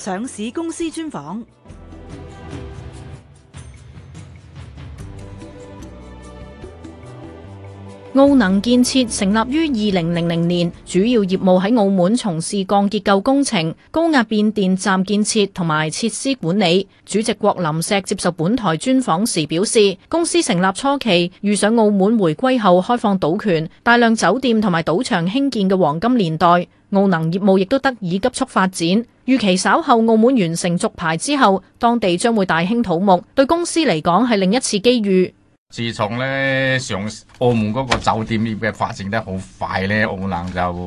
上市公司專訪。澳能建設成立於二零零零年，主要業務喺澳門從事鋼結構工程、高壓變電站建設同埋設施管理。主席郭林錫接受本台專訪時表示，公司成立初期遇上澳門回歸後開放賭權，大量酒店同埋賭場興建嘅黃金年代，澳能業務亦都得以急速發展。預期稍後澳門完成續牌之後，當地將會大興土木，對公司嚟講係另一次機遇。自從呢，上澳門嗰個酒店業嘅發展得好快呢，澳能就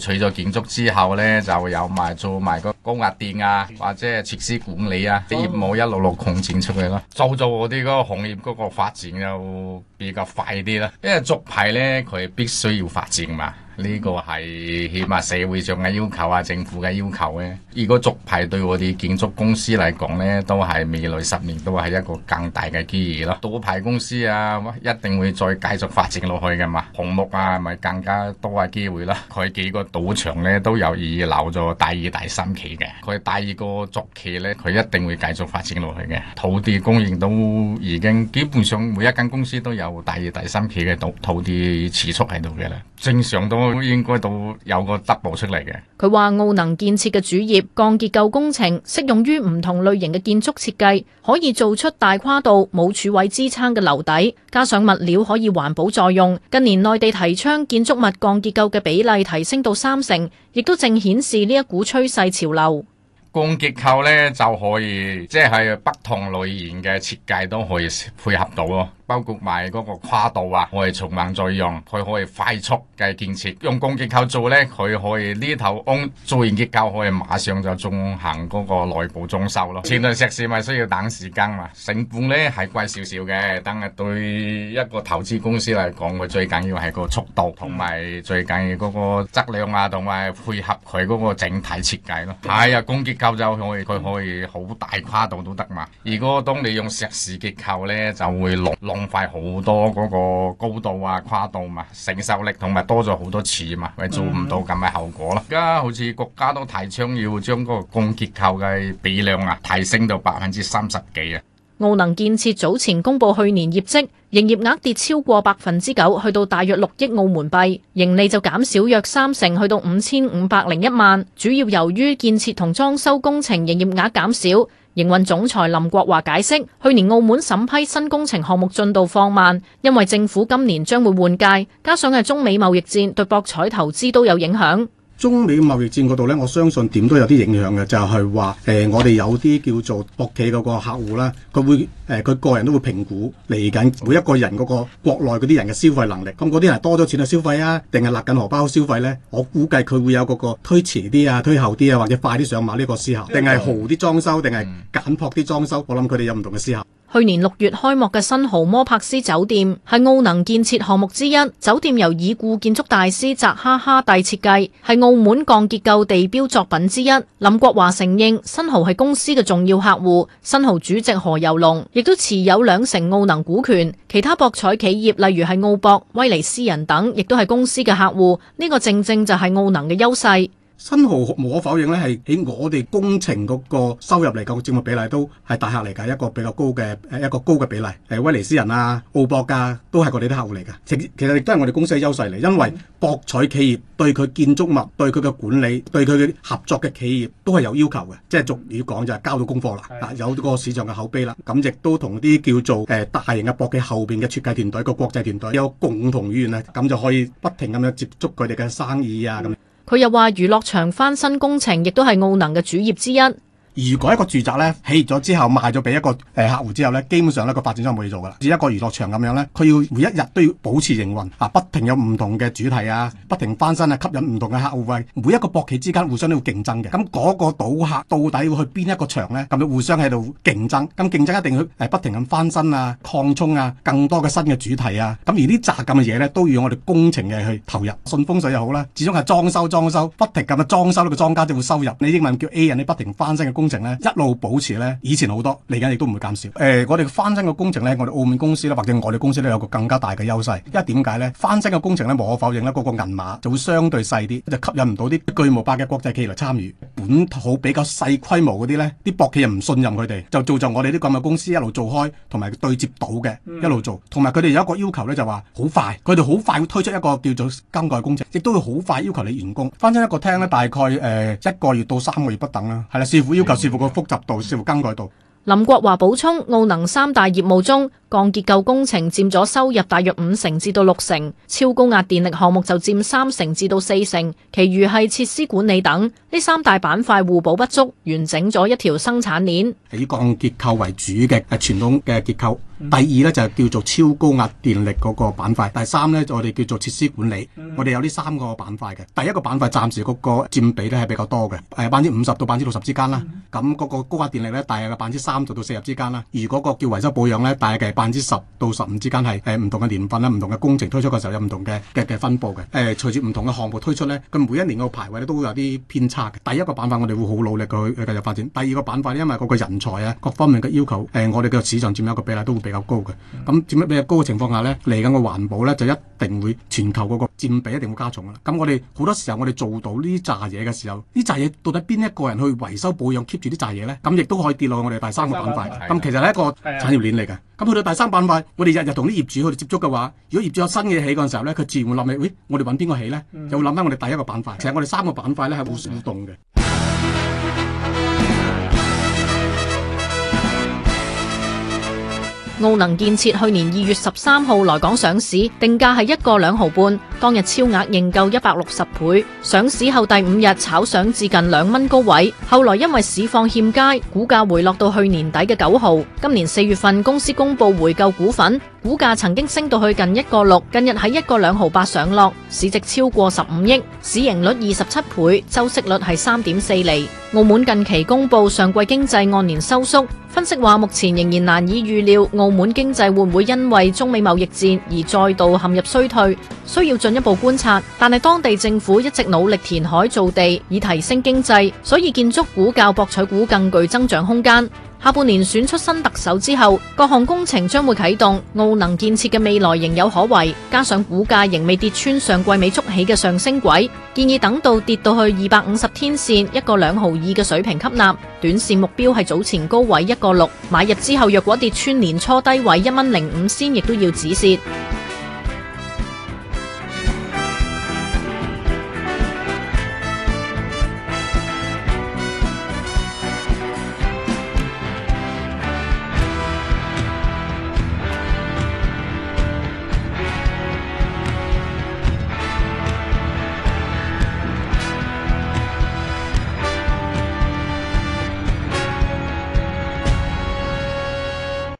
除咗建築之後呢就有埋做埋、那個。高壓電啊，或者設施管理啊，啲業務一路路擴展出嚟咯，做做我哋嗰個行業嗰個發展就比較快啲啦。因為續牌咧，佢必須要發展嘛，呢個係起碼社會上嘅要求啊，政府嘅要求咧。如果續牌對我哋建築公司嚟講咧，都係未來十年都係一個更大嘅機遇咯。賭牌公司啊，一定會再繼續發展落去嘅嘛。項目啊，咪更加多嘅機會啦。佢幾個賭場咧都有意留咗第二、第三期。佢第二個續期咧，佢一定會繼續發展落去嘅。土地供應都已經基本上每一間公司都有第二、第三期嘅土土地儲蓄喺度嘅啦。正常都應該都有個突破出嚟嘅。佢話澳能建設嘅主業鋼結構工程，適用於唔同類型嘅建築設計可以做出大跨度冇柱位支撐嘅樓底，加上物料可以環保再用。近年內地提倡建築物鋼結構嘅比例提升到三成，亦都正顯示呢一股趨勢潮流。鋼結構呢，就可以，即係不同類型嘅設計都可以配合到。包括埋嗰個跨度啊，我哋循環再用，佢可以快速嘅建設。用鋼結構做咧，佢可以呢頭安做完結構，可以馬上就進行嗰個內部裝修咯。砌台石屎咪需要等時間嘛，成本咧係貴少少嘅。但係對一個投資公司嚟講，佢最緊要係個速度，同埋最緊要嗰個質量啊，同埋配合佢嗰個整體設計咯。係啊，鋼結構就可以，佢可以好大跨度都得嘛。如果當你用石屎結構咧，就會落落。更快好多嗰個高度啊，跨度嘛，承受力同埋多咗好多次嘛，咪做唔到咁嘅後果咯。而家好似國家都提倡要將嗰個鋼結構嘅比重啊，提升到百分之三十幾啊。澳能建設早前公布去年業績，營業額跌超過百分之九，去到大約六億澳門幣，盈利就減少約三成，去到五千五百零一萬，主要由於建設同裝修工程營業額減少。營運總裁林國華解釋，去年澳門審批新工程項目進度放慢，因為政府今年將會換屆，加上係中美貿易戰對博彩投資都有影響。中美貿易戰嗰度咧，我相信點都有啲影響嘅，就係話誒，我哋有啲叫做博企嗰個客戶啦，佢會誒佢、呃、個人都會評估嚟緊每一個人嗰個國內嗰啲人嘅消費能力。咁嗰啲人多咗錢去消費啊，定係勒緊荷包消費咧？我估計佢會有嗰個推遲啲啊、推後啲啊，或者快啲上馬呢個思考，定係豪啲裝修，定係簡樸啲裝修？我諗佢哋有唔同嘅思考。去年六月開幕嘅新豪摩柏斯酒店係澳能建設項目之一，酒店由已故建築大師扎哈哈蒂設計，係澳門鋼結構地標作品之一。林國華承認，新豪係公司嘅重要客戶，新豪主席何猷龍亦都持有兩成澳能股權。其他博彩企業例如係澳博、威尼斯人等，亦都係公司嘅客戶。呢、這個正正就係澳能嘅優勢。新豪無可否認咧，係喺我哋工程嗰個收入嚟講，佔嘅比例都係大客嚟㗎，一個比較高嘅誒一個高嘅比例。誒，威尼斯人啊、澳博㗎、啊，都係我哋啲客戶嚟㗎。其實其實亦都係我哋公司嘅優勢嚟，因為博彩企業對佢建築物、對佢嘅管理、對佢嘅合作嘅企業都係有要求嘅，即係俗語講就係交到功課啦，的有個市場嘅口碑啦。咁亦都同啲叫做誒大型嘅博企後邊嘅設計團隊、個國際團隊有共同語言啊，咁就可以不停咁樣接觸佢哋嘅生意啊咁。佢又話：娛樂場翻新工程亦都係澳能嘅主業之一。如果一個住宅咧起咗之後賣咗俾一個誒客戶之後咧，基本上咧個發展商冇嘢做噶啦，似一個娛樂場咁樣咧，佢要每一日都要保持營運，啊，不停有唔同嘅主題啊，不停翻新啊，吸引唔同嘅客戶喂，每一個博企之間互相都要競爭嘅。咁、那、嗰個賭客到底要去邊一個場咧？咁就互相喺度競爭。咁競爭一定要不停咁翻新啊、擴充啊、更多嘅新嘅主題啊。咁而呢扎咁嘅嘢咧，都要用我哋工程嘅去投入，信風水又好啦，始終係裝修裝修，不停咁啊裝修呢、這個裝家就會收入。你英文叫 A 人，你不停翻新嘅工程咧一路保持咧，以前好多嚟緊亦都唔會減少。誒、呃，我哋翻新嘅工程咧，我哋澳門公司咧，或者我哋公司咧，有個更加大嘅優勢。因為點解咧？翻新嘅工程咧，無可否認咧，個個銀碼就會相對細啲，就吸引唔到啲巨無霸嘅國際企業嚟參與。本土比較細規模嗰啲咧，啲博企又唔信任佢哋，就做就我哋啲咁嘅公司一路做開，同埋對接到嘅一路做，同埋佢哋有一個要求咧，就話好快，佢哋好快會推出一個叫做金蓋工程，亦都會好快要求你完工翻新一個廳咧，大概誒、呃、一個月到三個月不等啦、啊。係啦，師傅要求。視乎個複雜度，視乎更改度。林國華補充，澳能三大業務中，鋼結構工程佔咗收入大約五成至到六成，超高壓電力項目就佔三成至到四成，其餘係設施管理等。呢三大板塊互補不足，完整咗一條生產鏈。以鋼結構為主嘅，係傳統嘅結構。第二呢就係叫做超高壓電力嗰個板塊。第三呢我哋叫做設施管理。我哋有呢三個板塊嘅。第一個板塊暫時嗰個佔比呢係比較多嘅，係百分之五十到百分之六十之間啦。咁、那、嗰個高壓電力呢，大約百分之三十到四十之間啦。如果個叫維修保養呢，大約係百分之十到十五之間係誒唔同嘅年份啦，唔同嘅工程推出嘅時候有唔同嘅嘅嘅分布嘅。誒、呃，隨住唔同嘅項目推出咧，佢每一年個排位咧都會有啲偏差嘅。第一個板塊我哋會好努力去繼續發展。第二個板塊因為嗰個人才啊，各方面嘅要求，誒、呃，我哋嘅市場佔有嘅比例都會比較高嘅。咁占、嗯、比較高嘅情況下咧，嚟緊個環保咧就一定會全球嗰個佔比一定會加重嘅。咁我哋好多時候我哋做到呢扎嘢嘅時候，呢扎嘢到底邊一個人去維修保養 keep 住啲紮嘢咧？咁亦都可以跌落去我哋第三個板塊。咁其實係一個產業鏈嚟嘅。咁去到第三板塊，我哋日日同啲業主去接觸嘅話，如果業主有新嘢起嗰陣時候呢，佢自然會諗起，誒、哎，我哋揾邊個起呢？嗯。就會諗返我哋第一個板塊。其實我哋三個板塊呢係互相互動嘅。澳能建設去年二月十三號來港上市，定價係一個兩毫半，當日超額認購一百六十倍。上市後第五日炒上至近兩蚊高位，後來因為市況欠佳，股價回落到去年底嘅九毫。今年四月份公司公布回購股份，股價曾經升到去近一個六，近日喺一個兩毫八上落，市值超過十五億，市盈率二十七倍，周息率係三點四厘。澳門近期公布上季經濟按年收縮。分析話，目前仍然難以預料澳門經濟會唔會因為中美貿易戰而再度陷入衰退，需要進一步觀察。但係當地政府一直努力填海造地，以提升經濟，所以建築股較博彩股更具增長空間。下半年選出新特首之後，各項工程將會啟動，澳能建設嘅未來仍有可為，加上股價仍未跌穿上季尾築起嘅上升軌，建議等到跌到去二百五十天線一個兩毫二嘅水平吸納，短線目標係早前高位一個六，買入之後若果跌穿年初低位一蚊零五仙，亦都要止蝕。